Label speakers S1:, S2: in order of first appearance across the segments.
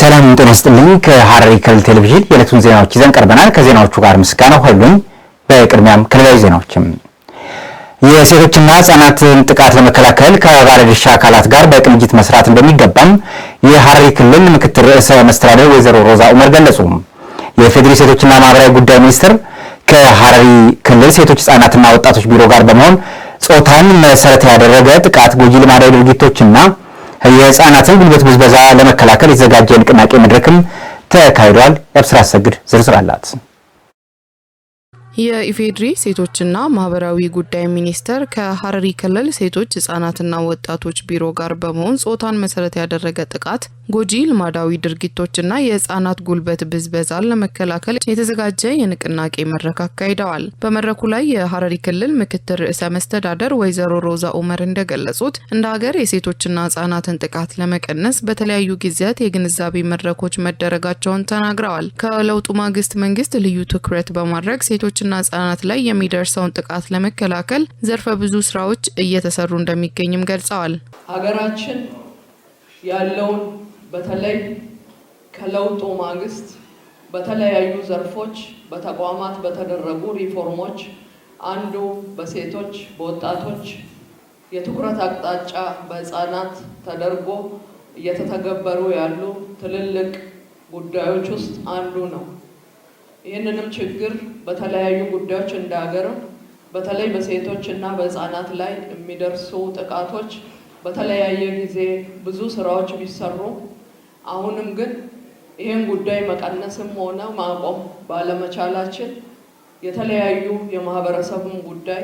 S1: ሰላም ጤና ይስጥልኝ። ከሐረሪ ክልል ቴሌቪዥን የዕለቱን ዜናዎች ይዘን ቀርበናል። ከዜናዎቹ ጋር ምስጋናው ኃይሉኝ። በቅድሚያም ክልላዊ ዜናዎችም የሴቶችና ህጻናትን ጥቃት ለመከላከል ከባለድርሻ አካላት ጋር በቅንጅት መስራት እንደሚገባም የሐረሪ ክልል ምክትል ርዕሰ መስተዳደር ወይዘሮ ሮዛ ኡመር ገለጹ። የፌዴራል ሴቶችና ማህበራዊ ጉዳይ ሚኒስቴር ከሐረሪ ክልል ሴቶች ህጻናትና ወጣቶች ቢሮ ጋር በመሆን ጾታን መሰረት ያደረገ ጥቃት ጎጂ ልማዳዊ ድርጊቶችና የህፃናትን ጉልበት ብዝበዛ ለመከላከል የተዘጋጀ ንቅናቄ መድረክም ተካሂዷል። የአብስራ አሰግድ ዝርዝር አላት።
S2: የኢፌዴሪ ሴቶችና ማህበራዊ ጉዳይ ሚኒስቴር ከሀረሪ ክልል ሴቶች ህጻናትና ወጣቶች ቢሮ ጋር በመሆን ጾታን መሰረት ያደረገ ጥቃት፣ ጎጂ ልማዳዊ ድርጊቶችና የህጻናት ጉልበት ብዝበዛን ለመከላከል የተዘጋጀ የንቅናቄ መድረክ አካሂደዋል። በመድረኩ ላይ የሀረሪ ክልል ምክትል ርዕሰ መስተዳደር ወይዘሮ ሮዛ ኡመር እንደገለጹት እንደ ሀገር የሴቶችና ህጻናትን ጥቃት ለመቀነስ በተለያዩ ጊዜያት የግንዛቤ መድረኮች መደረጋቸውን ተናግረዋል። ከለውጡ ማግስት መንግስት ልዩ ትኩረት በማድረግ ሴቶች ሴቶችና ህጻናት ላይ የሚደርሰውን ጥቃት ለመከላከል ዘርፈ ብዙ ስራዎች እየተሰሩ እንደሚገኝም ገልጸዋል።
S3: ሀገራችን ያለውን በተለይ ከለውጡ ማግስት በተለያዩ ዘርፎች በተቋማት በተደረጉ ሪፎርሞች አንዱ በሴቶች በወጣቶች የትኩረት አቅጣጫ በህፃናት ተደርጎ እየተተገበሩ ያሉ ትልልቅ ጉዳዮች ውስጥ አንዱ ነው። ይህንንም ችግር በተለያዩ ጉዳዮች እንደ ሀገር በተለይ በሴቶች እና በህፃናት ላይ የሚደርሱ ጥቃቶች በተለያየ ጊዜ ብዙ ስራዎች ቢሰሩ አሁንም ግን ይህን ጉዳይ መቀነስም ሆነ ማቆም ባለመቻላችን የተለያዩ የማህበረሰቡን ጉዳይ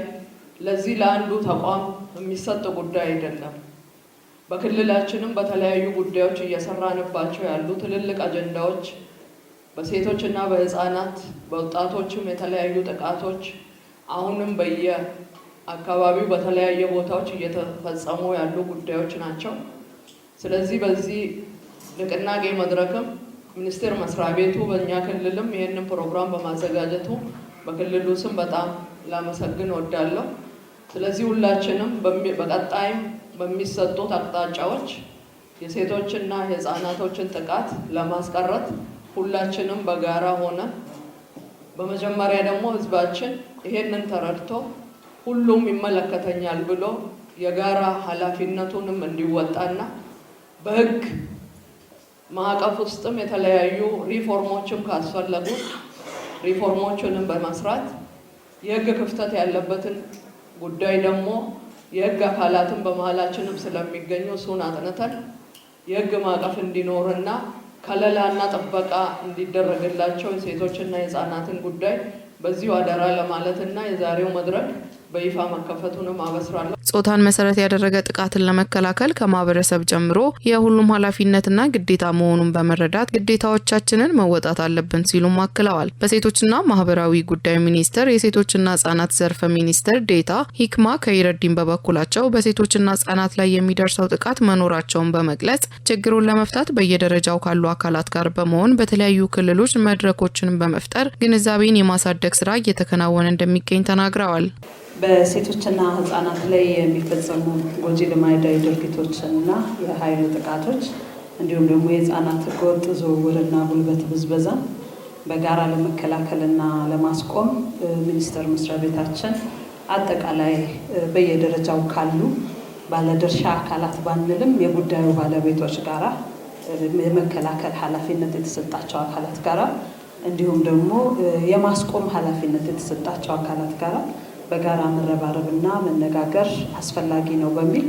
S3: ለዚህ ለአንዱ ተቋም የሚሰጥ ጉዳይ አይደለም። በክልላችንም በተለያዩ ጉዳዮች እየሰራንባቸው ያሉ ትልልቅ አጀንዳዎች በሴቶችና በህፃናት በወጣቶችም የተለያዩ ጥቃቶች አሁንም በየአካባቢው በተለያየ ቦታዎች እየተፈጸሙ ያሉ ጉዳዮች ናቸው። ስለዚህ በዚህ ንቅናቄ መድረክም ሚኒስቴር መስሪያ ቤቱ በእኛ ክልልም ይህንን ፕሮግራም በማዘጋጀቱ በክልሉ ስም በጣም ላመሰግን ወዳለሁ። ስለዚህ ሁላችንም በቀጣይም በሚሰጡት አቅጣጫዎች የሴቶችና የህፃናቶችን ጥቃት ለማስቀረት ሁላችንም በጋራ ሆነ በመጀመሪያ ደግሞ ህዝባችን ይሄንን ተረድቶ ሁሉም ይመለከተኛል ብሎ የጋራ ኃላፊነቱንም እንዲወጣና በህግ ማዕቀፍ ውስጥም የተለያዩ ሪፎርሞችም ካስፈለጉ ሪፎርሞችንም በመስራት የህግ ክፍተት ያለበትን ጉዳይ ደግሞ የህግ አካላትን በመሀላችንም ስለሚገኙ እሱን አጥንተን የህግ ማዕቀፍ እንዲኖርና ከለላና ጥበቃ እንዲደረግላቸው የሴቶችና የህፃናትን ጉዳይ በዚሁ አደራ ለማለትና የዛሬው መድረክ በይፋ መከፈቱንም አበስራለሁ።
S2: ጾታን መሰረት ያደረገ ጥቃትን ለመከላከል ከማህበረሰብ ጀምሮ የሁሉም ኃላፊነትና ግዴታ መሆኑን በመረዳት ግዴታዎቻችንን መወጣት አለብን ሲሉም አክለዋል። በሴቶችና ማህበራዊ ጉዳይ ሚኒስቴር የሴቶችና ህጻናት ዘርፈ ሚኒስትር ዴታ ሂክማ ከይረዲን በበኩላቸው በሴቶችና ህጻናት ላይ የሚደርሰው ጥቃት መኖራቸውን በመግለጽ ችግሩን ለመፍታት በየደረጃው ካሉ አካላት ጋር በመሆን በተለያዩ ክልሎች መድረኮችን በመፍጠር ግንዛቤን የማሳደግ ስራ እየተከናወነ እንደሚገኝ ተናግረዋል።
S3: በሴቶችና ህጻናት ላይ የሚፈጸሙ ጎጂ ልማዳዊ ድርጊቶችና የኃይል ጥቃቶች እንዲሁም ደግሞ የህፃናት ህገወጥ ዝውውርና ጉልበት ብዝበዛ በጋራ ለመከላከልና ለማስቆም ሚኒስቴር መስሪያ ቤታችን አጠቃላይ በየደረጃው ካሉ ባለድርሻ አካላት ባንልም የጉዳዩ ባለቤቶች ጋራ የመከላከል ኃላፊነት የተሰጣቸው አካላት ጋራ እንዲሁም ደግሞ የማስቆም ኃላፊነት የተሰጣቸው አካላት ጋራ በጋራ መረባረብና መነጋገር አስፈላጊ ነው በሚል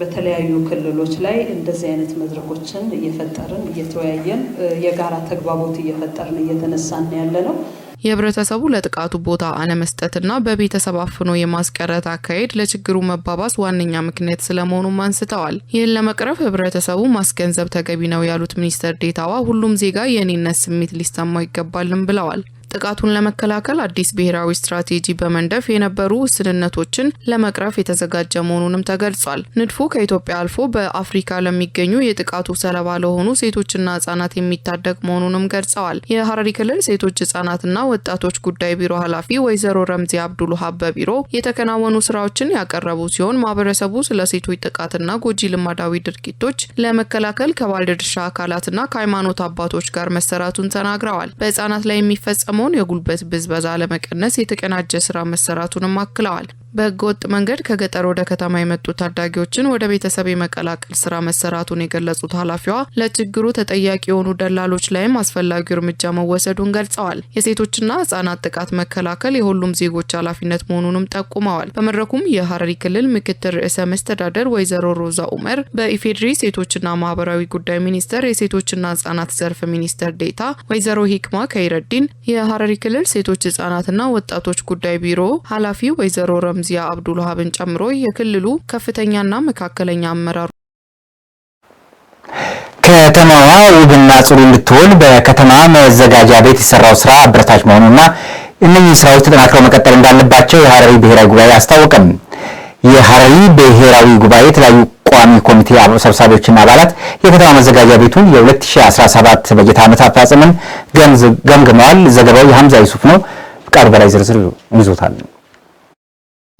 S3: በተለያዩ ክልሎች ላይ እንደዚህ አይነት መድረኮችን እየፈጠርን እየተወያየን የጋራ ተግባቦት እየፈጠርን እየተነሳን ያለ ነው።
S2: የህብረተሰቡ ለጥቃቱ ቦታ አለመስጠትና በቤተሰብ አፍኖ የማስቀረት አካሄድ ለችግሩ መባባስ ዋነኛ ምክንያት ስለመሆኑም አንስተዋል። ይህን ለመቅረፍ ህብረተሰቡ ማስገንዘብ ተገቢ ነው ያሉት ሚኒስትር ዴታዋ ሁሉም ዜጋ የእኔነት ስሜት ሊሰማው ይገባልም ብለዋል። ጥቃቱን ለመከላከል አዲስ ብሔራዊ ስትራቴጂ በመንደፍ የነበሩ ውስንነቶችን ለመቅረፍ የተዘጋጀ መሆኑንም ተገልጿል። ንድፉ ከኢትዮጵያ አልፎ በአፍሪካ ለሚገኙ የጥቃቱ ሰለባ ለሆኑ ሴቶችና ህጻናት የሚታደግ መሆኑንም ገልጸዋል። የሐረሪ ክልል ሴቶች ህጻናትና ወጣቶች ጉዳይ ቢሮ ኃላፊ ወይዘሮ ረምዚ አብዱልሃ በቢሮ የተከናወኑ ስራዎችን ያቀረቡ ሲሆን ማህበረሰቡ ስለ ሴቶች ጥቃትና ጎጂ ልማዳዊ ድርጊቶች ለመከላከል ከባለድርሻ አካላትና ከሃይማኖት አባቶች ጋር መሰራቱን ተናግረዋል። በህጻናት ላይ የሚፈጸሙ የሚፈጸመውን የጉልበት ብዝበዛ ለመቀነስ የተቀናጀ ስራ መሰራቱንም አክለዋል። በህገ ወጥ መንገድ ከገጠር ወደ ከተማ የመጡ ታዳጊዎችን ወደ ቤተሰብ የመቀላቀል ስራ መሰራቱን የገለጹት ኃላፊዋ ለችግሩ ተጠያቂ የሆኑ ደላሎች ላይም አስፈላጊው እርምጃ መወሰዱን ገልጸዋል። የሴቶችና ህጻናት ጥቃት መከላከል የሁሉም ዜጎች ኃላፊነት መሆኑንም ጠቁመዋል። በመድረኩም የሀረሪ ክልል ምክትል ርዕሰ መስተዳደር ወይዘሮ ሮዛ ኡመር፣ በኢፌዴሪ ሴቶችና ማህበራዊ ጉዳይ ሚኒስቴር የሴቶችና ህጻናት ዘርፍ ሚኒስትር ዴታ ወይዘሮ ሂክማ ከይረዲን፣ የሀረሪ ክልል ሴቶች ህጻናትና ወጣቶች ጉዳይ ቢሮ ኃላፊ ወይዘሮ ረም ዚያ አብዱልሃብን ጨምሮ የክልሉ ከፍተኛና መካከለኛ አመራሩ
S1: ከተማዋ ውብና ጽሩ እንድትሆን በከተማ መዘጋጃ ቤት የሰራው ስራ አበረታች መሆኑና እነኚህ ስራዎች ተጠናክረው መቀጠል እንዳለባቸው የሀረሪ ብሔራዊ ጉባኤ አስታወቀም። የሀረሪ ብሔራዊ ጉባኤ የተለያዩ ቋሚ ኮሚቴ አብሮ ሰብሳቢዎችና አባላት የከተማ መዘጋጃ ቤቱን የ2017 በጀት ዓመት አፈጻጸምን ገምግመዋል። ዘገባው የሀምዛ ዩሱፍ ነው። ቃሉ በላይ ዝርዝር ይዞታል።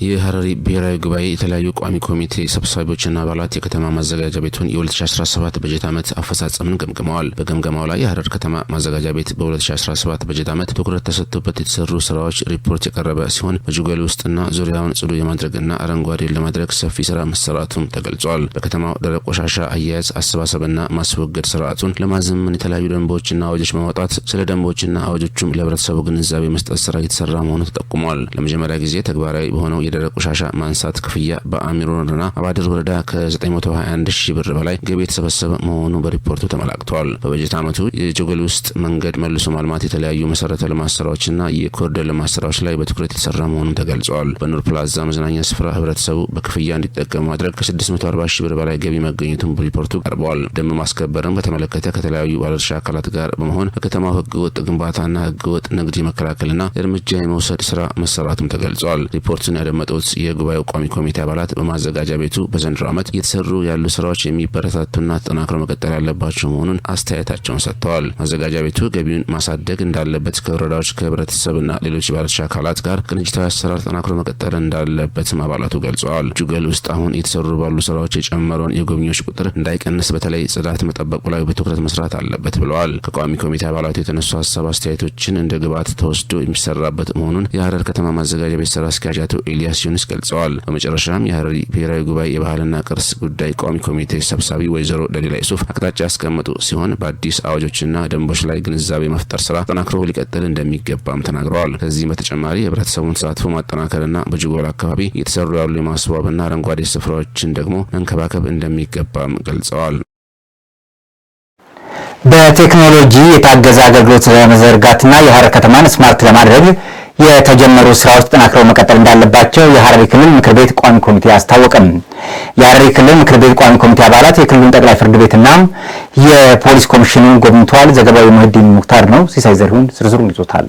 S1: የሀረሪ ብሔራዊ ጉባኤ የተለያዩ ቋሚ ኮሚቴ ሰብሳቢዎችና አባላት የከተማ ማዘጋጃ ቤቱን የ2017 በጀት ዓመት አፈጻጸምን ገምግመዋል። በገምገማው ላይ የሀረር ከተማ ማዘጋጃ ቤት በ2017 በጀት ዓመት ትኩረት ተሰጥቶበት የተሰሩ ስራዎች ሪፖርት የቀረበ ሲሆን በጁጎል ውስጥና ዙሪያውን ጽዱ የማድረግና አረንጓዴ ለማድረግ ሰፊ ስራ መሰራቱም ተገልጿል። በከተማው ደረቅ ቆሻሻ አያያዝ አሰባሰብና ማስወገድ ስርዓቱን ለማዘመን የተለያዩ ደንቦችና አዋጆች በማውጣት ስለ ደንቦችና አዋጆቹም ለህብረተሰቡ ግንዛቤ መስጠት ስራ እየተሰራ መሆኑ ተጠቁሟል። ለመጀመሪያ ጊዜ ተግባራዊ በሆነው የደረቅ ቆሻሻ ማንሳት ክፍያ በአሚሮና አባድር ወረዳ ከ921 ሺህ ብር በላይ ገቢ የተሰበሰበ መሆኑ በሪፖርቱ ተመላክተዋል። በበጀት ዓመቱ የጆገል ውስጥ መንገድ መልሶ ማልማት፣ የተለያዩ መሰረተ ልማት ስራዎችና የኮሪደር ልማት ስራዎች ላይ በትኩረት የተሰራ መሆኑን ተገልጸዋል። በኑር ፕላዛ መዝናኛ ስፍራ ህብረተሰቡ በክፍያ እንዲጠቀም ማድረግ ከ640 ሺህ ብር በላይ ገቢ መገኘቱን በሪፖርቱ ቀርበዋል። ደንብ ማስከበርም በተመለከተ ከተለያዩ ባለድርሻ አካላት ጋር በመሆን በከተማው ህገወጥ ግንባታና ወጥ ንግድ የመከላከልና እርምጃ የመውሰድ ስራ መሰራቱም ተገልጿል። ሪፖርቱን ያደመ የተቀመጡት የጉባኤው ቋሚ ኮሚቴ አባላት በማዘጋጃ ቤቱ በዘንድሮ ዓመት እየተሰሩ ያሉ ስራዎች የሚበረታቱና ተጠናክሮ መቀጠል ያለባቸው መሆኑን አስተያየታቸውን ሰጥተዋል። ማዘጋጃ ቤቱ ገቢውን ማሳደግ እንዳለበት፣ ከወረዳዎች ከህብረተሰብና ሌሎች ባለድርሻ አካላት ጋር ቅንጅታዊ አሰራር ተጠናክሮ መቀጠል እንዳለበትም አባላቱ ገልጸዋል። ጁገል ውስጥ አሁን የተሰሩ ባሉ ስራዎች የጨመረውን የጎብኚዎች ቁጥር እንዳይቀንስ በተለይ ጽዳት መጠበቁ ላይ በትኩረት መስራት አለበት ብለዋል። ከቋሚ ኮሚቴ አባላቱ የተነሱ ሀሳብ አስተያየቶችን እንደ ግብዓት ተወስዶ የሚሰራበት መሆኑን የሀረር ከተማ ማዘጋጃ ቤት ስራ አስኪያጅ አቶ ኤልያ ኢልያስ ገልጸዋል። በመጨረሻም የሀረሪ ብሔራዊ ጉባኤ የባህልና ቅርስ ጉዳይ ቋሚ ኮሚቴ ሰብሳቢ ወይዘሮ ደሊላ ይሱፍ አቅጣጫ ያስቀመጡ ሲሆን በአዲስ አዋጆችና ደንቦች ላይ ግንዛቤ መፍጠር ስራ ተጠናክሮ ሊቀጥል እንደሚገባም ተናግረዋል። ከዚህም በተጨማሪ ህብረተሰቡን ተሳትፎ ማጠናከርና በጅጎል አካባቢ እየተሰሩ ያሉ የማስዋብና አረንጓዴ ስፍራዎችን ደግሞ መንከባከብ እንደሚገባም ገልጸዋል። በቴክኖሎጂ የታገዘ አገልግሎት ለመዘርጋትና የሐረር ከተማን ስማርት ለማድረግ የተጀመሩ ስራዎች ተጠናክረው መቀጠል እንዳለባቸው የሐረሪ ክልል ምክር ቤት ቋሚ ኮሚቴ አስታወቀም። የሐረሪ ክልል ምክር ቤት ቋሚ ኮሚቴ አባላት የክልሉን ጠቅላይ ፍርድ ቤትና የፖሊስ ኮሚሽኑን ጎብኝተዋል። ዘገባዊ ሙህዲን ሙክታር ነው። ሲሳይ ዘሪሁን ዝርዝሩን ይዞታል።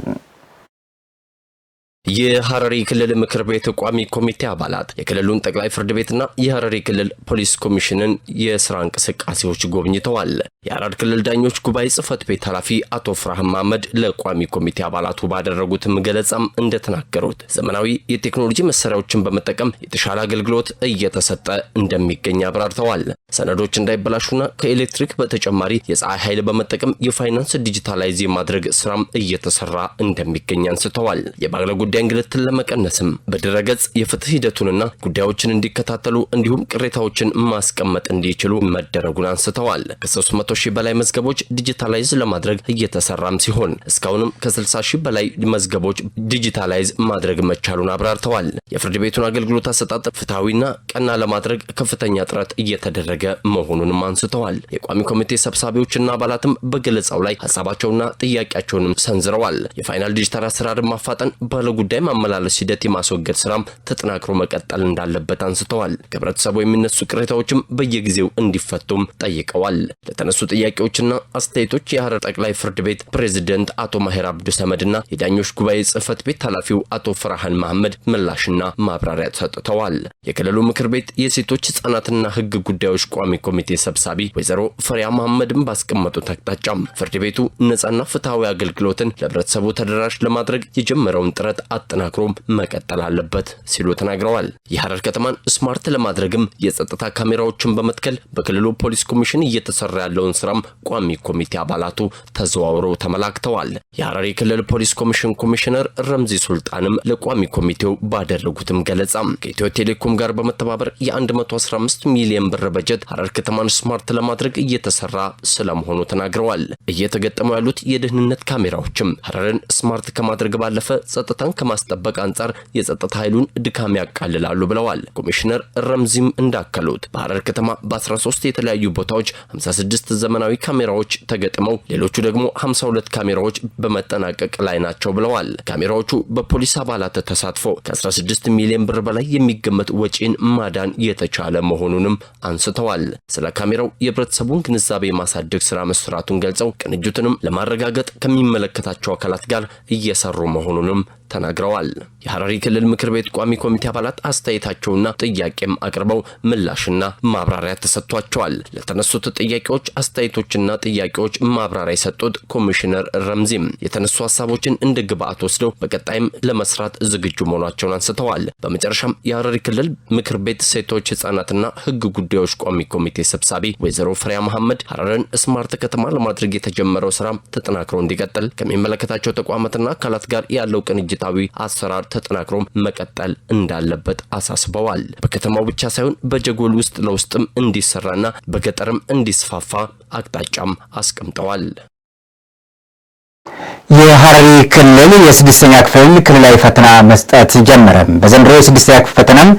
S1: የሐረሪ ክልል ምክር ቤት ቋሚ ኮሚቴ አባላት የክልሉን ጠቅላይ ፍርድ ቤትና የሐረሪ ክልል ፖሊስ ኮሚሽንን የስራ እንቅስቃሴዎች ጎብኝተዋል። የአራድ ክልል ዳኞች ጉባኤ ጽህፈት ቤት ኃላፊ አቶ ፍራህ ማመድ ለቋሚ ኮሚቴ አባላቱ ባደረጉትም ገለጻም እንደተናገሩት ዘመናዊ የቴክኖሎጂ መሳሪያዎችን በመጠቀም የተሻለ አገልግሎት እየተሰጠ እንደሚገኝ አብራርተዋል። ሰነዶች እንዳይበላሹና ከኤሌክትሪክ በተጨማሪ የፀሐይ ኃይል በመጠቀም የፋይናንስ ዲጂታላይዝ የማድረግ ስራም እየተሰራ እንደሚገኝ አንስተዋል። የባለጉ ጉዳይ እንግልትን ለመቀነስም በድረገጽ የፍትህ ሂደቱንና ጉዳዮችን እንዲከታተሉ እንዲሁም ቅሬታዎችን ማስቀመጥ እንዲችሉ መደረጉን አንስተዋል። ከ300 ሺህ በላይ መዝገቦች ዲጂታላይዝ ለማድረግ እየተሰራም ሲሆን እስካሁንም ከ60 ሺህ በላይ መዝገቦች ዲጂታላይዝ ማድረግ መቻሉን አብራርተዋል። የፍርድ ቤቱን አገልግሎት አሰጣጥ ፍትሐዊና ቀና ለማድረግ ከፍተኛ ጥረት እየተደረገ መሆኑንም አንስተዋል። የቋሚ ኮሚቴ ሰብሳቢዎችና አባላትም በገለጻው ላይ ሀሳባቸውና ጥያቄያቸውንም ሰንዝረዋል። የፋይናል ዲጂታል አሰራርን ማፋጠን ባለጉ ጉዳይ ማመላለስ ሂደት የማስወገድ ስራም ተጠናክሮ መቀጠል እንዳለበት አንስተዋል። ከህብረተሰቡ የሚነሱ ቅሬታዎችም በየጊዜው እንዲፈቱም ጠይቀዋል። ለተነሱ ጥያቄዎችና አስተያየቶች የሐረር ጠቅላይ ፍርድ ቤት ፕሬዚደንት አቶ ማሄር አብዱ ሰመድና የዳኞች ጉባኤ ጽህፈት ቤት ኃላፊው አቶ ፍርሃን መሐመድ ምላሽና ማብራሪያ ሰጥተዋል። የክልሉ ምክር ቤት የሴቶች ህጻናትና ህግ ጉዳዮች ቋሚ ኮሚቴ ሰብሳቢ ወይዘሮ ፈሪያ መሐመድም ባስቀመጡት አቅጣጫም ፍርድ ቤቱ ነጻና ፍትሐዊ አገልግሎትን ለህብረተሰቡ ተደራሽ ለማድረግ የጀመረውን ጥረት አጠናክሮም መቀጠል አለበት ሲሉ ተናግረዋል። የሐረር ከተማን ስማርት ለማድረግም የጸጥታ ካሜራዎችን በመትከል በክልሉ ፖሊስ ኮሚሽን እየተሰራ ያለውን ስራም ቋሚ ኮሚቴ አባላቱ ተዘዋውረው ተመላክተዋል። የሐረሪ ክልል ፖሊስ ኮሚሽን ኮሚሽነር ረምዚ ሱልጣንም ለቋሚ ኮሚቴው ባደረጉትም ገለጻ ከኢትዮ ቴሌኮም ጋር በመተባበር የ115 ሚሊዮን ብር በጀት ሐረር ከተማን ስማርት ለማድረግ እየተሰራ ስለመሆኑ ተናግረዋል። እየተገጠሙ ያሉት የደህንነት ካሜራዎችም ሐረርን ስማርት ከማድረግ ባለፈ ጸጥታን ከማስጠበቅ አንጻር የጸጥታ ኃይሉን ድካም ያቃልላሉ ብለዋል። ኮሚሽነር ረምዚም እንዳከሉት በሐረር ከተማ በ13 የተለያዩ ቦታዎች 56 ዘመናዊ ካሜራዎች ተገጥመው ሌሎቹ ደግሞ 52 ካሜራዎች በመጠናቀቅ ላይ ናቸው ብለዋል። ካሜራዎቹ በፖሊስ አባላት ተሳትፎ ከ16 ሚሊዮን ብር በላይ የሚገመት ወጪን ማዳን የተቻለ መሆኑንም አንስተዋል። ስለ ካሜራው የህብረተሰቡን ግንዛቤ የማሳደግ ስራ መስራቱን ገልጸው ቅንጅትንም ለማረጋገጥ ከሚመለከታቸው አካላት ጋር እየሰሩ መሆኑንም ተናግረዋል። የሐረሪ ክልል ምክር ቤት ቋሚ ኮሚቴ አባላት አስተያየታቸውና ጥያቄም አቅርበው ምላሽና ማብራሪያ ተሰጥቷቸዋል። ለተነሱት ጥያቄዎች አስተያየቶችና ጥያቄዎች ማብራሪያ የሰጡት ኮሚሽነር ረምዚም የተነሱ ሀሳቦችን እንደ ግብአት ወስደው በቀጣይም ለመስራት ዝግጁ መሆናቸውን አንስተዋል። በመጨረሻም የሐረሪ ክልል ምክር ቤት ሴቶች ህጻናትና ህግ ጉዳዮች ቋሚ ኮሚቴ ሰብሳቢ ወይዘሮ ፍሬያ መሐመድ ሐረርን ስማርት ከተማ ለማድረግ የተጀመረው ስራ ተጠናክሮ እንዲቀጥል ከሚመለከታቸው ተቋማትና አካላት ጋር ያለው ቅንጅት ስሜታዊ አሰራር ተጠናክሮ መቀጠል እንዳለበት አሳስበዋል። በከተማው ብቻ ሳይሆን በጀጎል ውስጥ ለውስጥም እንዲሰራና በገጠርም እንዲስፋፋ አቅጣጫም አስቀምጠዋል። የሐረሪ ክልል የስድስተኛ ክፍል ክልላዊ ፈተና መስጠት ጀመረ። በዘንድሮ የስድስተኛ ክፍል ፈተናም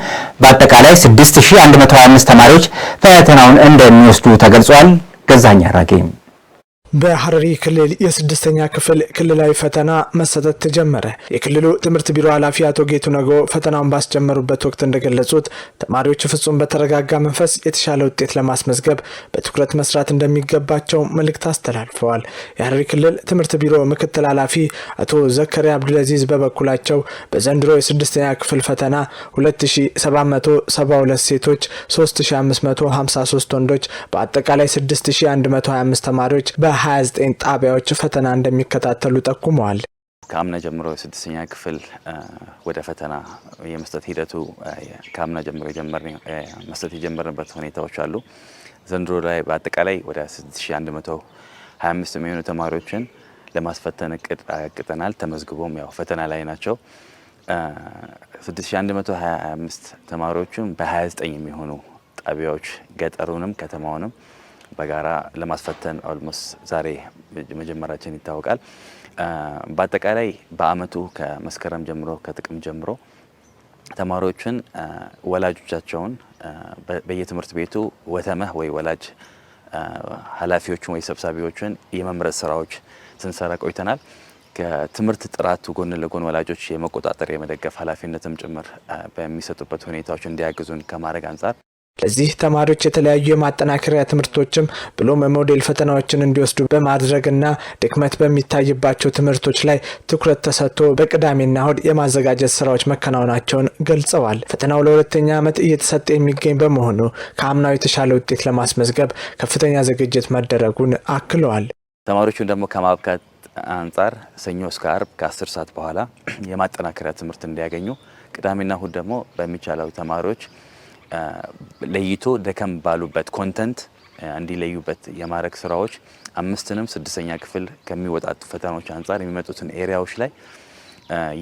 S1: በአጠቃላይ 6125 ተማሪዎች ፈተናውን እንደሚወስዱ ተገልጿል። ገዛኛ አራጌ በሐረሪ ክልል የስድስተኛ ክፍል ክልላዊ ፈተና መሰጠት ተጀመረ። የክልሉ ትምህርት ቢሮ ኃላፊ አቶ ጌቱ ነጎ ፈተናውን ባስጀመሩበት ወቅት እንደገለጹት ተማሪዎች ፍጹም በተረጋጋ መንፈስ የተሻለ ውጤት ለማስመዝገብ በትኩረት መስራት እንደሚገባቸው መልእክት አስተላልፈዋል። የሐረሪ ክልል ትምህርት ቢሮ ምክትል ኃላፊ አቶ ዘከሪያ አብዱልአዚዝ በበኩላቸው በዘንድሮ የስድስተኛ ክፍል ፈተና 2772 ሴቶች፣ 3553 ወንዶች በአጠቃላይ 6125 ተማሪዎች በ 29 ጣቢያዎች ፈተና እንደሚከታተሉ ጠቁመዋል።
S4: ከአምና ጀምሮ ስድስተኛ ክፍል ወደ ፈተና የመስጠት ሂደቱ ከአምና ጀምሮ መስጠት የጀመርንበት ሁኔታዎች አሉ። ዘንድሮ ላይ በአጠቃላይ ወደ 6125 የሚሆኑ ተማሪዎችን ለማስፈተን እቅድ አቅጠናል። ተመዝግቦም ያው ፈተና ላይ ናቸው። 6125 ተማሪዎችም በ29 የሚሆኑ ጣቢያዎች ገጠሩንም ከተማውንም በጋራ ለማስፈተን ኦልሞስ ዛሬ መጀመራችን ይታወቃል። በአጠቃላይ በአመቱ ከመስከረም ጀምሮ ከጥቅም ጀምሮ ተማሪዎችን ወላጆቻቸውን በየትምህርት ቤቱ ወተመህ ወይ ወላጅ ኃላፊዎችን ወይ ሰብሳቢዎችን የመምረጥ ስራዎች ስንሰራ ቆይተናል። ከትምህርት ጥራቱ ጎን ለጎን ወላጆች የመቆጣጠር የመደገፍ ኃላፊነትም ጭምር በሚሰጡበት ሁኔታዎች እንዲያግዙን ከማድረግ አንጻር
S1: ለዚህ ተማሪዎች የተለያዩ የማጠናከሪያ ትምህርቶችም ብሎም ሞዴል ፈተናዎችን እንዲወስዱ በማድረግና ድክመት በሚታይባቸው ትምህርቶች ላይ ትኩረት ተሰጥቶ በቅዳሜና እሁድ የማዘጋጀት ስራዎች መከናወናቸውን ገልጸዋል። ፈተናው ለሁለተኛ ዓመት እየተሰጠ የሚገኝ በመሆኑ ከአምናው የተሻለ ውጤት ለማስመዝገብ ከፍተኛ ዝግጅት መደረጉን አክለዋል።
S4: ተማሪዎቹን ደግሞ ከማብቃት አንጻር ሰኞ እስከ አርብ ከ10 ሰዓት በኋላ የማጠናከሪያ ትምህርት እንዲያገኙ፣ ቅዳሜና እሁድ ደግሞ በሚቻለው ተማሪዎች ለይቶ ደከም ባሉበት ኮንተንት እንዲለዩበት የማድረግ ስራዎች አምስትንም ስድስተኛ ክፍል ከሚወጣቱ ፈተናዎች አንጻር የሚመጡትን ኤሪያዎች ላይ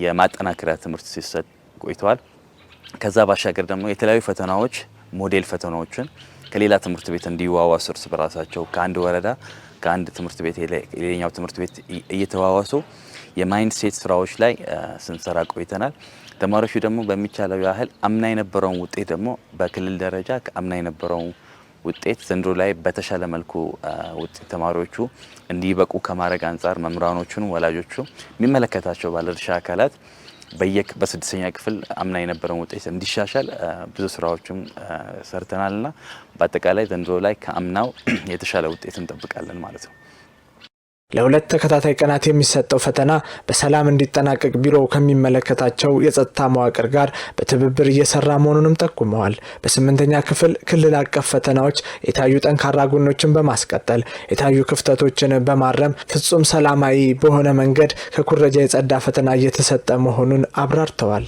S4: የማጠናከሪያ ትምህርት ሲሰጥ ቆይተዋል። ከዛ ባሻገር ደግሞ የተለያዩ ፈተናዎች ሞዴል ፈተናዎችን ከሌላ ትምህርት ቤት እንዲዋዋሱ እርስ በራሳቸው ከአንድ ወረዳ ከአንድ ትምህርት ቤት ሌላኛው ትምህርት ቤት እየተዋዋሱ የማይንድ ሴት ስራዎች ላይ ስንሰራ ቆይተናል። ተማሪዎቹ ደግሞ በሚቻለው ያህል አምና የነበረውን ውጤት ደግሞ በክልል ደረጃ ከአምና የነበረውን ውጤት ዘንድሮ ላይ በተሻለ መልኩ ውጤት ተማሪዎቹ እንዲበቁ ከማድረግ አንጻር መምህራኖቹን፣ ወላጆቹ፣ የሚመለከታቸው ባለድርሻ አካላት በየክ በስድስተኛ ክፍል አምና የነበረውን ውጤት እንዲሻሻል ብዙ ስራዎችም ሰርተናልና በአጠቃላይ ዘንድሮ ላይ ከአምናው የተሻለ ውጤት እንጠብቃለን ማለት ነው።
S1: ለሁለት ተከታታይ ቀናት የሚሰጠው ፈተና በሰላም እንዲጠናቀቅ ቢሮው ከሚመለከታቸው የጸጥታ መዋቅር ጋር በትብብር እየሰራ መሆኑንም ጠቁመዋል። በስምንተኛ ክፍል ክልል አቀፍ ፈተናዎች የታዩ ጠንካራ ጎኖችን በማስቀጠል የታዩ ክፍተቶችን በማረም ፍጹም ሰላማዊ በሆነ መንገድ ከኩረጃ የጸዳ ፈተና እየተሰጠ መሆኑን አብራርተዋል።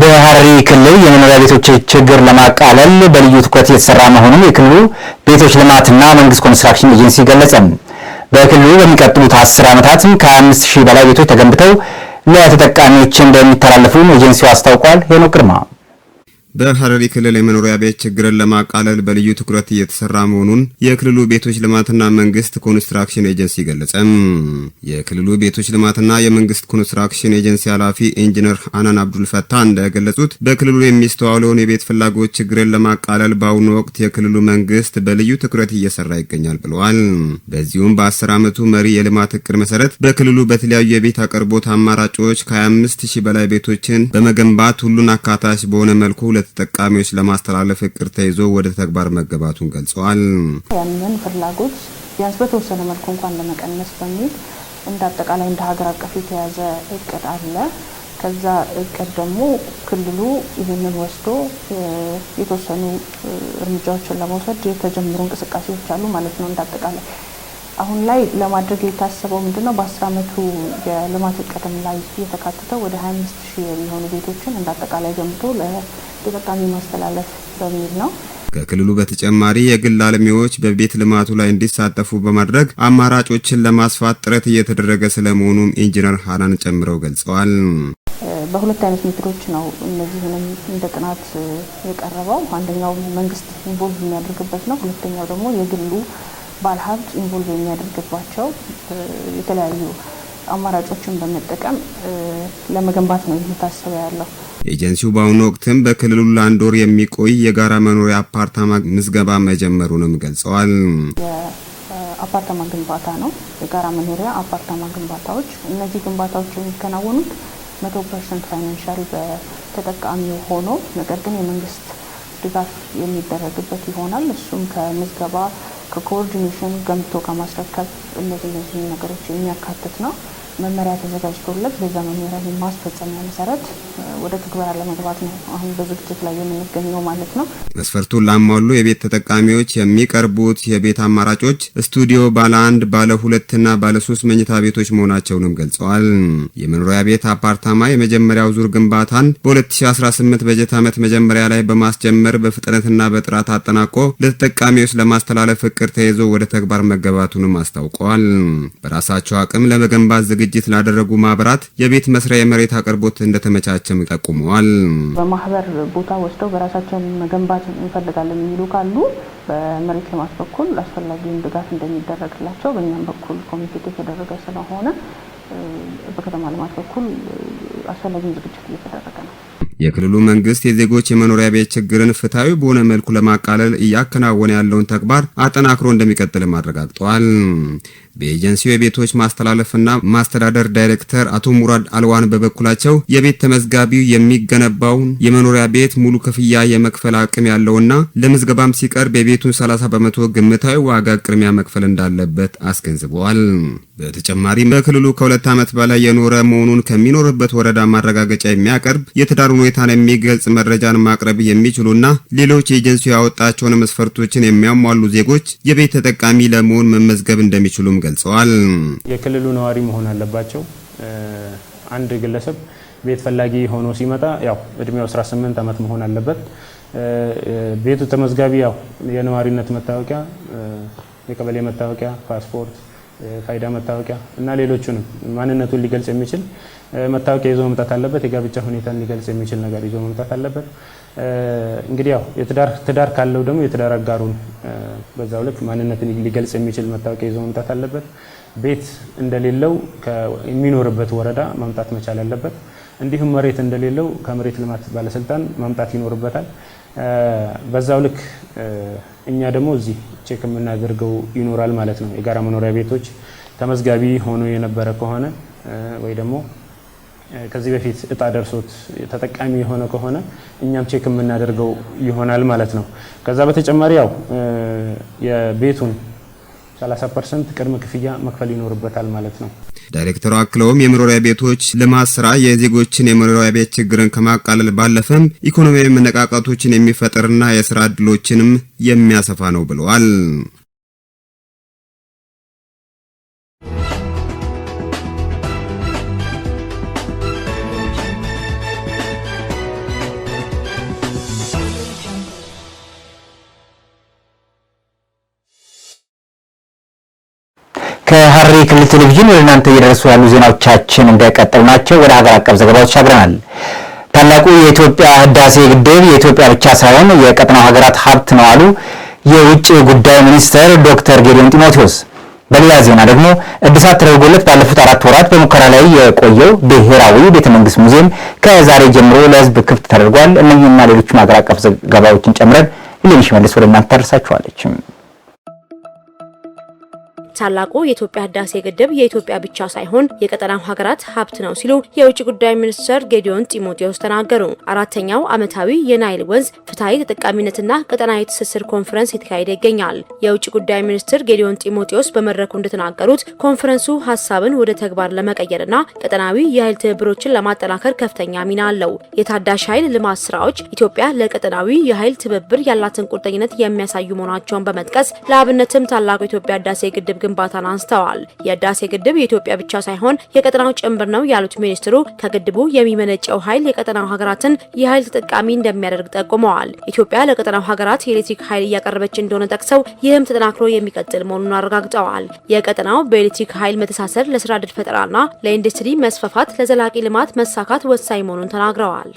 S1: በሐረሪ ክልል የመኖሪያ ቤቶች ችግር ለማቃለል በልዩ ትኩረት የተሰራ መሆኑን የክልሉ ቤቶች ልማትና መንግስት ኮንስትራክሽን ኤጀንሲ ገለጸ። በክልሉ በሚቀጥሉት አስር ዓመታት ከአምስት ሺህ በላይ ቤቶች ተገንብተው ለተጠቃሚዎች እንደሚተላለፉ ኤጀንሲው አስታውቋል። ሄኖክ ግርማ በሐረሪ ክልል የመኖሪያ ቤት ችግርን ለማቃለል በልዩ ትኩረት እየተሰራ መሆኑን የክልሉ ቤቶች ልማትና መንግስት ኮንስትራክሽን ኤጀንሲ ገለጸም። የክልሉ ቤቶች ልማትና የመንግስት ኮንስትራክሽን ኤጀንሲ ኃላፊ ኢንጂነር አናን አብዱልፈታ እንደገለጹት በክልሉ የሚስተዋለውን የቤት ፍላጎት ችግርን ለማቃለል በአሁኑ ወቅት የክልሉ መንግስት በልዩ ትኩረት እየሰራ ይገኛል ብለዋል። በዚሁም በአስር ዓመቱ መሪ የልማት እቅድ መሰረት በክልሉ በተለያዩ የቤት አቅርቦት አማራጮች ከ25 ሺህ በላይ ቤቶችን በመገንባት ሁሉን አካታች በሆነ መልኩ ለተጠቃሚዎች ለማስተላለፍ እቅድ ተይዞ ወደ ተግባር መገባቱን ገልጸዋል።
S5: ያንን ፍላጎት ቢያንስ በተወሰነ መልኩ እንኳን ለመቀነስ በሚል እንደ አጠቃላይ እንደ ሀገር አቀፍ የተያዘ እቅድ አለ። ከዛ እቅድ ደግሞ ክልሉ ይህንን ወስዶ የተወሰኑ እርምጃዎችን ለመውሰድ የተጀመሩ እንቅስቃሴዎች አሉ ማለት ነው። እንደ አጠቃላይ አሁን ላይ ለማድረግ የታሰበው ምንድን ነው? በአስር አመቱ የልማት እቅድም ላይ የተካተተው ወደ ሀያ አምስት ሺህ የሚሆኑ ቤቶችን እንዳጠቃላይ ገምቶ በጣም ማስተላለፍ በሚል ነው።
S1: ከክልሉ በተጨማሪ የግል አልሚዎች በቤት ልማቱ ላይ እንዲሳተፉ በማድረግ አማራጮችን ለማስፋት ጥረት እየተደረገ ስለመሆኑም ኢንጂነር ሀናን ጨምረው ገልጸዋል።
S5: በሁለት አይነት ሜትሮች ነው እነዚህንም እንደ ጥናት የቀረበው። አንደኛው መንግስት ኢንቮልቭ የሚያደርግበት ነው። ሁለተኛው ደግሞ የግሉ ባለሀብት ኢንቮልቭ የሚያደርግባቸው የተለያዩ አማራጮችን በመጠቀም ለመገንባት ነው ይህ ያለው።
S1: ኤጀንሲው በአሁኑ ወቅትም በክልሉ ለአንድ ወር የሚቆይ የጋራ መኖሪያ አፓርታማ ምዝገባ መጀመሩንም ገልጸዋል።
S5: የአፓርታማ ግንባታ ነው፣ የጋራ መኖሪያ አፓርታማ ግንባታዎች። እነዚህ ግንባታዎች የሚከናወኑት መቶ ፐርሰንት ፋይናንሻል በተጠቃሚው ሆኖ ነገር ግን የመንግስት ድጋፍ የሚደረግበት ይሆናል። እሱም ከምዝገባ ከኮኦርዲኔሽን ገንብቶ ከማስረከብ እነዚህ እነዚህ ነገሮች የሚያካትት ነው። መመሪያ ተዘጋጅቶለት በዛ መመሪያ ማስፈጸሚያ መሰረት ወደ ትግበራ ለመግባት ነው አሁን በዝግጅት ላይ የምንገኘው ማለት ነው።
S1: መስፈርቱን ላሟሉ የቤት ተጠቃሚዎች የሚቀርቡት የቤት አማራጮች ስቱዲዮ ባለ አንድ፣ ባለ ሁለትና ባለ ሶስት መኝታ ቤቶች መሆናቸውንም ገልጸዋል። የመኖሪያ ቤት አፓርታማ የመጀመሪያው ዙር ግንባታን በ2018 በጀት ዓመት መጀመሪያ ላይ በማስጀመር በፍጥነትና በጥራት አጠናቆ ለተጠቃሚዎች ለማስተላለፍ እቅድ ተይዞ ወደ ተግባር መገባቱንም አስታውቀዋል። በራሳቸው አቅም ለመገንባት ዝግጅ ዝግጅት ላደረጉ ማህበራት የቤት መስሪያ የመሬት አቅርቦት እንደተመቻቸም ጠቁመዋል።
S5: በማህበር ቦታ ወስደው በራሳቸውን መገንባት እንፈልጋለን የሚሉ ካሉ በመሬት ልማት በኩል አስፈላጊውን ድጋፍ እንደሚደረግላቸው በእኛም በኩል ኮሚኒኬት የተደረገ ስለሆነ በከተማ ልማት በኩል አስፈላጊውን ዝግጅት እየተደረገ ነው።
S1: የክልሉ መንግስት የዜጎች የመኖሪያ ቤት ችግርን ፍትሐዊ በሆነ መልኩ ለማቃለል እያከናወነ ያለውን ተግባር አጠናክሮ እንደሚቀጥልም አረጋግጧል። በኤጀንሲው የቤቶች ማስተላለፍና ማስተዳደር ዳይሬክተር አቶ ሙራድ አልዋን በበኩላቸው የቤት ተመዝጋቢው የሚገነባውን የመኖሪያ ቤት ሙሉ ክፍያ የመክፈል አቅም ያለውና ለምዝገባም ሲቀርብ የቤቱን 30 በመቶ ግምታዊ ዋጋ ቅድሚያ መክፈል እንዳለበት አስገንዝበዋል። በተጨማሪም በክልሉ ከሁለት ዓመት በላይ የኖረ መሆኑን ከሚኖርበት ወረዳ ማረጋገጫ የሚያቀርብ የትዳር ሁኔታን የሚገልጽ መረጃን ማቅረብ የሚችሉና ሌሎች ኤጀንሲው ያወጣቸውን መስፈርቶችን የሚያሟሉ ዜጎች የቤት ተጠቃሚ ለመሆን መመዝገብ እንደሚችሉም ገልጸዋል።
S6: የክልሉ ነዋሪ መሆን አለባቸው። አንድ ግለሰብ ቤት ፈላጊ ሆኖ ሲመጣ ያው እድሜው 18 ዓመት መሆን አለበት። ቤቱ ተመዝጋቢ ያው የነዋሪነት መታወቂያ፣ የቀበሌ መታወቂያ፣ ፓስፖርት፣ ፋይዳ መታወቂያ እና ሌሎቹንም ማንነቱን ሊገልጽ የሚችል መታወቂያ ይዞ መምጣት አለበት። የጋብቻ ሁኔታን ሊገልጽ የሚችል ነገር ይዞ መምጣት አለበት። እንግዲህ ያው ትዳር ካለው ደግሞ የትዳር አጋሩን በዛው ልክ ማንነትን ሊገልጽ የሚችል መታወቂያ ይዞ መምጣት አለበት። ቤት እንደሌለው የሚኖርበት ወረዳ ማምጣት መቻል አለበት። እንዲሁም መሬት እንደሌለው ከመሬት ልማት ባለስልጣን ማምጣት ይኖርበታል። በዛው ልክ እኛ ደግሞ እዚህ ቼክ የምናደርገው ይኖራል ማለት ነው። የጋራ መኖሪያ ቤቶች ተመዝጋቢ ሆኖ የነበረ ከሆነ ወይ ደግሞ ከዚህ በፊት እጣ ደርሶት ተጠቃሚ የሆነ ከሆነ እኛም ቼክ የምናደርገው ይሆናል ማለት ነው። ከዛ በተጨማሪ ያው የቤቱን 30 ፐርሰንት ቅድመ ክፍያ መክፈል ይኖርበታል ማለት ነው።
S1: ዳይሬክተሩ አክለውም የመኖሪያ ቤቶች ልማት ስራ የዜጎችን የመኖሪያ ቤት ችግርን ከማቃለል ባለፈም ኢኮኖሚያዊ መነቃቃቶችን የሚፈጥርና የስራ እድሎችንም የሚያሰፋ ነው ብለዋል። ከሐረሪ ክልል ቴሌቪዥን ወደ እናንተ እየደረሱ ያሉ ዜናዎቻችን እንደቀጠሉ ናቸው። ወደ ሀገር አቀፍ ዘገባዎች ሻግረናል። ታላቁ የኢትዮጵያ ህዳሴ ግድብ የኢትዮጵያ ብቻ ሳይሆን የቀጠናው ሀገራት ሀብት ነው አሉ የውጭ ጉዳይ ሚኒስትር ዶክተር ጌዲዮን ጢሞቴዎስ። በሌላ ዜና ደግሞ እድሳት ተደርጎለት ባለፉት አራት ወራት በሙከራ ላይ የቆየው ብሔራዊ ቤተ መንግስት ሙዚየም ከዛሬ ጀምሮ ለህዝብ ክፍት ተደርጓል። እነኝና ሌሎችም ሀገር አቀፍ ዘገባዎችን ጨምረን ሌሊሽ መልስ ወደ እናንተ ታደርሳችኋለች።
S7: ታላቁ የኢትዮጵያ ህዳሴ ግድብ የኢትዮጵያ ብቻ ሳይሆን የቀጠናው ሀገራት ሀብት ነው ሲሉ የውጭ ጉዳይ ሚኒስትር ጌዲዮን ጢሞቴዎስ ተናገሩ። አራተኛው ዓመታዊ የናይል ወንዝ ፍትሐዊ ተጠቃሚነትና ቀጠናዊ ትስስር ኮንፈረንስ የተካሄደ ይገኛል። የውጭ ጉዳይ ሚኒስትር ጌዲዮን ጢሞቴዎስ በመድረኩ እንደተናገሩት ኮንፈረንሱ ሀሳብን ወደ ተግባር ለመቀየርና ቀጠናዊ የኃይል ትብብሮችን ለማጠናከር ከፍተኛ ሚና አለው። የታዳሽ ኃይል ልማት ስራዎች ኢትዮጵያ ለቀጠናዊ የኃይል ትብብር ያላትን ቁርጠኝነት የሚያሳዩ መሆናቸውን በመጥቀስ ለአብነትም ታላቁ የኢትዮጵያ ህዳሴ ግድብ ግድብ ግንባታን አንስተዋል። የህዳሴ ግድብ የኢትዮጵያ ብቻ ሳይሆን የቀጠናው ጭምር ነው ያሉት ሚኒስትሩ ከግድቡ የሚመነጨው ኃይል የቀጠናው ሀገራትን የኃይል ተጠቃሚ እንደሚያደርግ ጠቁመዋል። ኢትዮጵያ ለቀጠናው ሀገራት የኤሌክትሪክ ኃይል እያቀረበች እንደሆነ ጠቅሰው ይህም ተጠናክሮ የሚቀጥል መሆኑን አረጋግጠዋል። የቀጠናው በኤሌክትሪክ ኃይል መተሳሰር ለስራ ዕድል ፈጠራና ለኢንዱስትሪ መስፋፋት ለዘላቂ ልማት መሳካት ወሳኝ መሆኑን ተናግረዋል።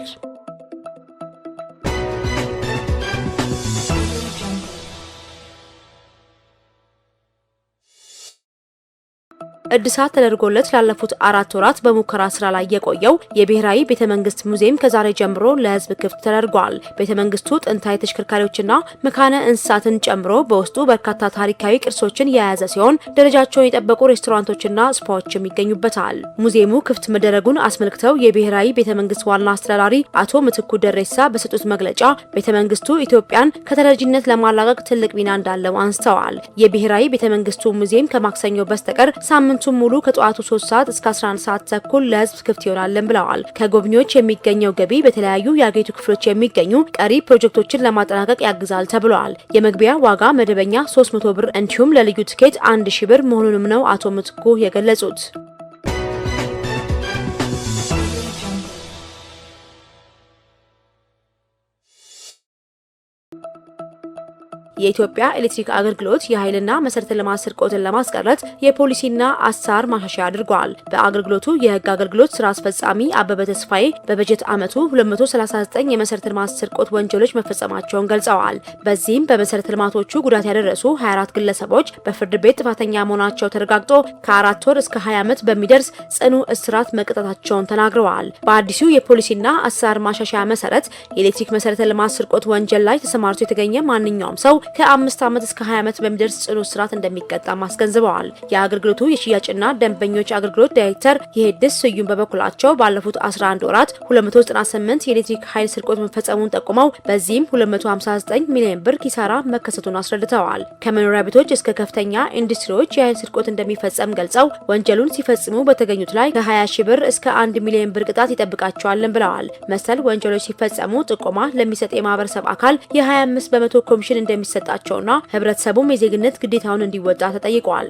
S7: እድሳት ተደርጎለት ላለፉት አራት ወራት በሙከራ ስራ ላይ የቆየው የብሔራዊ ቤተ መንግስት ሙዚየም ከዛሬ ጀምሮ ለህዝብ ክፍት ተደርጓል። ቤተ መንግስቱ ጥንታዊ ተሽከርካሪዎችና መካነ እንስሳትን ጨምሮ በውስጡ በርካታ ታሪካዊ ቅርሶችን የያዘ ሲሆን ደረጃቸውን የጠበቁ ሬስቶራንቶችና ስፓዎችም ይገኙበታል። ሙዚየሙ ክፍት መደረጉን አስመልክተው የብሔራዊ ቤተ መንግስት ዋና አስተዳዳሪ አቶ ምትኩ ደሬሳ በሰጡት መግለጫ ቤተ መንግስቱ ኢትዮጵያን ከተረጂነት ለማላቀቅ ትልቅ ሚና እንዳለው አንስተዋል። የብሔራዊ ቤተ መንግስቱ ሙዚየም ከማክሰኞ በስተቀር ሳምንት ሳምንቱን ሙሉ ከጠዋቱ 3 ሰዓት እስከ 11 ሰዓት ተኩል ለህዝብ ክፍት ይሆናልን ብለዋል። ከጎብኚዎች የሚገኘው ገቢ በተለያዩ የአገሪቱ ክፍሎች የሚገኙ ቀሪ ፕሮጀክቶችን ለማጠናቀቅ ያግዛል ተብለዋል። የመግቢያ ዋጋ መደበኛ 300 ብር እንዲሁም ለልዩ ትኬት 1000 ብር መሆኑንም ነው አቶ ምትኩ የገለጹት። የኢትዮጵያ ኤሌክትሪክ አገልግሎት የኃይልና መሰረተ ልማት ስርቆትን ለማስቀረት የፖሊሲና አሰራር ማሻሻያ አድርጓል። በአገልግሎቱ የህግ አገልግሎት ስራ አስፈጻሚ አበበ ተስፋዬ በበጀት ዓመቱ 239 የመሰረተ ልማት ስርቆት ወንጀሎች መፈጸማቸውን ገልጸዋል። በዚህም በመሰረተ ልማቶቹ ጉዳት ያደረሱ 24 ግለሰቦች በፍርድ ቤት ጥፋተኛ መሆናቸው ተረጋግጦ ከአራት ወር እስከ 20 ዓመት በሚደርስ ጽኑ እስራት መቅጠታቸውን ተናግረዋል። በአዲሱ የፖሊሲና አሰራር ማሻሻያ መሰረት የኤሌክትሪክ መሰረተ ልማት ስርቆት ወንጀል ላይ ተሰማርቶ የተገኘ ማንኛውም ሰው ከአምስት ዓመት እስከ 20 ዓመት በሚደርስ ጽኑ እስራት እንደሚቀጣም አስገንዝበዋል። የአገልግሎቱ የሽያጭና ደንበኞች አገልግሎት ዳይሬክተር የሄድስ ስዩም በበኩላቸው ባለፉት 11 ወራት 298 የኤሌክትሪክ ኃይል ስርቆት መፈጸሙን ጠቁመው በዚህም 259 ሚሊዮን ብር ኪሳራ መከሰቱን አስረድተዋል። ከመኖሪያ ቤቶች እስከ ከፍተኛ ኢንዱስትሪዎች የኃይል ስርቆት እንደሚፈጸም ገልጸው ወንጀሉን ሲፈጽሙ በተገኙት ላይ ከ20 ሺ ብር እስከ 1 ሚሊዮን ብር ቅጣት ይጠብቃቸዋልን ብለዋል። መሰል ወንጀሎች ሲፈጸሙ ጥቆማ ለሚሰጥ የማህበረሰብ አካል የ25 በመቶ ኮሚሽን እንደሚሰጥ እንዲሰጣቸውና ህብረተሰቡም የዜግነት ግዴታውን እንዲወጣ ተጠይቋል።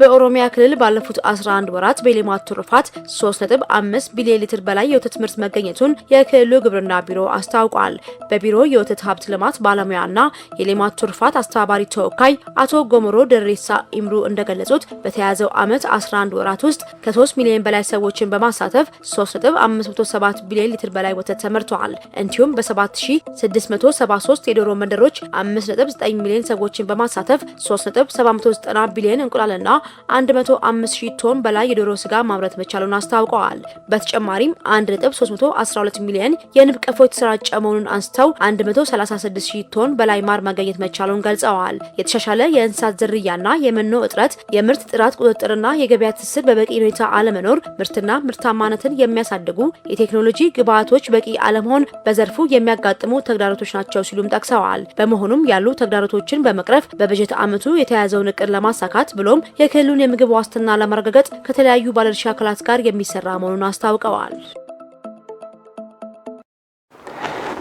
S7: በኦሮሚያ ክልል ባለፉት 11 ወራት በሌማት ትሩፋት 3.5 ቢሊዮን ሊትር በላይ የወተት ምርት መገኘቱን የክልሉ ግብርና ቢሮ አስታውቋል። በቢሮ የወተት ሀብት ልማት ባለሙያና የሌማት ትሩፋት አስተባባሪ ተወካይ አቶ ጎሞሮ ደሬሳ ኢምሩ እንደገለጹት በተያዘው ዓመት 11 ወራት ውስጥ ከ3 ሚሊዮን በላይ ሰዎችን በማሳተፍ 3.57 ቢሊዮን ሊትር በላይ ወተት ተመርተዋል። እንዲሁም በ7673 የዶሮ መንደሮች 5.9 ሚሊዮን ሰዎችን በማሳተፍ 3.790 ቢሊዮን እንቁላልና 105 ሺህ ቶን በላይ የዶሮ ስጋ ማምረት መቻሉን አስታውቀዋል። በተጨማሪም 1.312 ሚሊዮን የንብ ቀፎ የተሰራጨ መሆኑን አንስተው 136000 ሺህ ቶን በላይ ማር ማግኘት መቻሉን ገልጸዋል። የተሻሻለ የእንስሳት ዝርያና የመኖ እጥረት፣ የምርት ጥራት ቁጥጥርና የገበያ ትስስር በበቂ ሁኔታ አለመኖር፣ ምርትና ምርታማነትን የሚያሳድጉ የቴክኖሎጂ ግብዓቶች በቂ አለመሆን በዘርፉ የሚያጋጥሙ ተግዳሮቶች ናቸው ሲሉም ጠቅሰዋል። በመሆኑም ያሉ ተግዳሮቶችን በመቅረፍ በበጀት ዓመቱ የተያዘውን እቅድ ለማሳካት ብሎም የክልሉን የምግብ ዋስትና ለማረጋገጥ ከተለያዩ ባለድርሻ አካላት ጋር የሚሰራ መሆኑን አስታውቀዋል።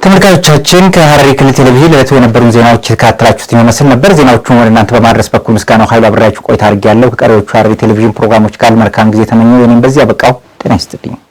S1: ተመልካቾቻችን ከሀረሪ ክልል ቴሌቪዥን ለዕለቱ የነበሩን ዜናዎች የተከታተላችሁት የሚመስል ነበር። ዜናዎቹን ወደ እናንተ በማድረስ በኩል ምስጋናው ኃይሉ አብሬያችሁ ቆይታ አድርጌያለሁ። ከቀሪዎቹ ሀረሪ ቴሌቪዥን ፕሮግራሞች ጋር መልካም ጊዜ ተመኘው። የኔም በዚህ አበቃው። ጤና ይስጥልኝ።